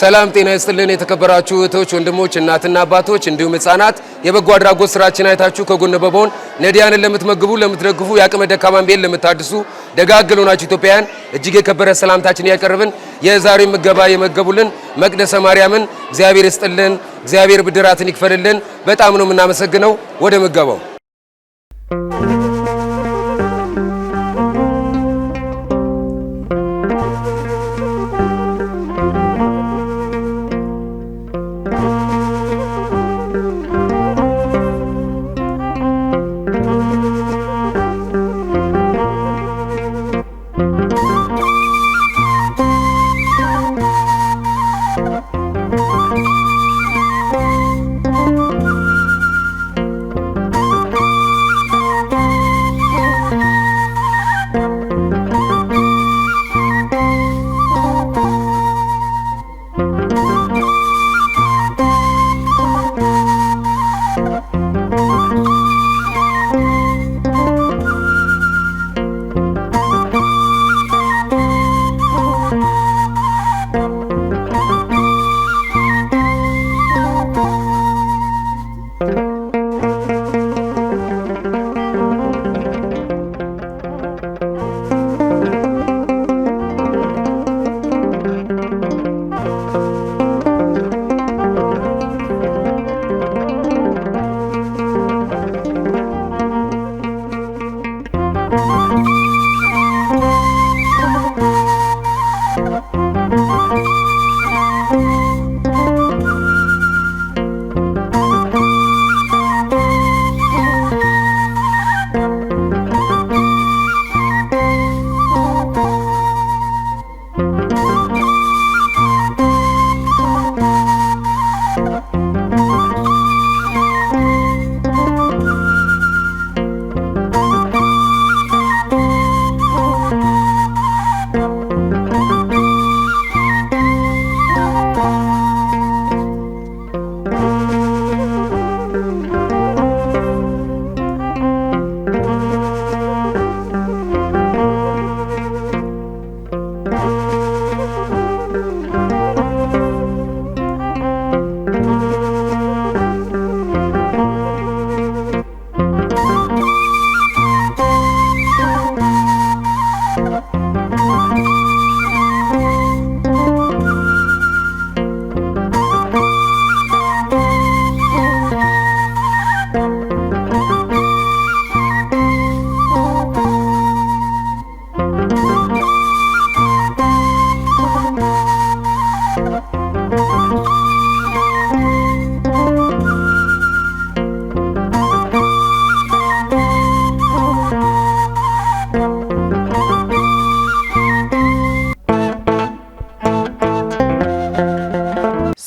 ሰላም ጤና ይስጥልን። የተከበራችሁ እህቶች፣ ወንድሞች፣ እናትና አባቶች እንዲሁም ህጻናት የበጎ አድራጎት ስራችን አይታችሁ ከጎን በመሆን ነዳያንን ለምትመግቡ፣ ለምትደግፉ የአቅመ ደካማን ቤት ለምታድሱ ደጋግ ለሆናችሁ ኢትዮጵያውያን እጅግ የከበረ ሰላምታችን ያቀርብን። የዛሬ ምገባ የመገቡልን መቅደሰ ማርያምን እግዚአብሔር ይስጥልን። እግዚአብሔር ብድራትን ይክፈልልን። በጣም ነው የምናመሰግነው። ወደ ምገባው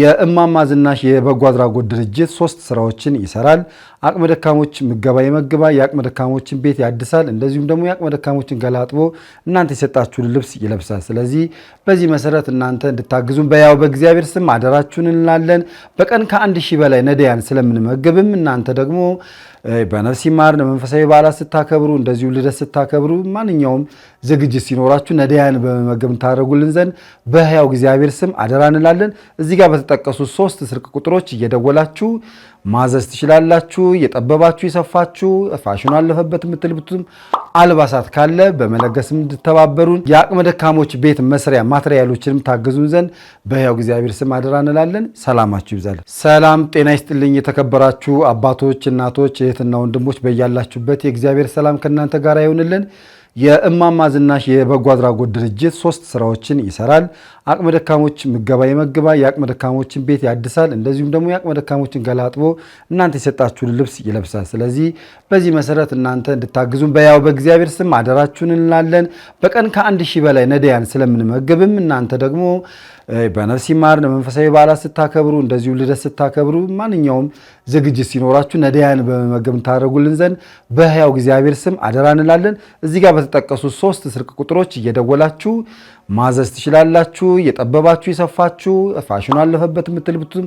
የእማማ ዝናሽ የበጎ አድራጎት ድርጅት ሶስት ስራዎችን ይሰራል። አቅመ ደካሞች ምገባ ይመግባል፣ የአቅመ ደካሞችን ቤት ያድሳል፣ እንደዚሁም ደግሞ የአቅመ ደካሞችን ገላጥቦ እናንተ የሰጣችሁን ልብስ ይለብሳል። ስለዚህ በዚህ መሰረት እናንተ እንድታግዙን በያው በእግዚአብሔር ስም አደራችሁን እንላለን። በቀን ከአንድ ሺህ በላይ ነዳያን ስለምንመገብም እናንተ ደግሞ በነፍስ ይማር መንፈሳዊ በዓላት ስታከብሩ፣ እንደዚሁ ልደት ስታከብሩ፣ ማንኛውም ዝግጅት ሲኖራችሁ ነዳያን በመመገብ ታደረጉልን ዘንድ በህያው እግዚአብሔር ስም አደራ እንላለን እዚህ ጋር በተጠቀሱ ሶስት ስልክ ቁጥሮች እየደወላችሁ ማዘዝ ትችላላችሁ። እየጠበባችሁ የሰፋችሁ ፋሽኑ አለፈበት የምትልብቱም አልባሳት ካለ በመለገስ እንድተባበሩን የአቅመ ደካሞች ቤት መስሪያ ማትሪያሎችንም ታግዙን ዘንድ በሕያው እግዚአብሔር ስም አደራ እንላለን። ሰላማችሁ ይብዛል። ሰላም ጤና ይስጥልኝ። የተከበራችሁ አባቶች፣ እናቶች፣ እህትና ወንድሞች በያላችሁበት የእግዚአብሔር ሰላም ከእናንተ ጋር ይሆንልን። የእማማ ዝናሽ የበጎ አድራጎት ድርጅት ሶስት ስራዎችን ይሰራል። አቅመ ደካሞች ምገባ ይመግባል፣ የአቅመ ደካሞችን ቤት ያድሳል፣ እንደዚሁም ደግሞ የአቅመ ደካሞችን ገላጥቦ እናንተ የሰጣችሁን ልብስ ይለብሳል። ስለዚህ በዚህ መሰረት እናንተ እንድታግዙን በያው በእግዚአብሔር ስም አደራችሁን እንላለን። በቀን ከአንድ ሺህ በላይ ነዳያን ስለምንመግብም እናንተ ደግሞ በነፍስ ይማር መንፈሳዊ በዓላት ስታከብሩ፣ እንደዚሁ ልደት ስታከብሩ፣ ማንኛውም ዝግጅት ሲኖራችሁ ነዳያን በመመገብ እንታደረጉልን ዘንድ በህያው እግዚአብሔር ስም አደራ እንላለን እዚህ ጋር በተጠቀሱት ሶስት ስልክ ቁጥሮች እየደወላችሁ ማዘዝ ትችላላችሁ። የጠበባችሁ የሰፋችሁ ፋሽኑ አለፈበት የምትልብቱም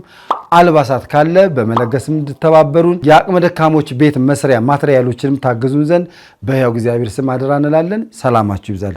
አልባሳት ካለ በመለገስ እንድተባበሩን የአቅመ ደካሞች ቤት መስሪያ ማትሪያሎችንም ታግዙን ዘንድ በሕያው እግዚአብሔር ስም አደራ እንላለን። ሰላማችሁ ይብዛል።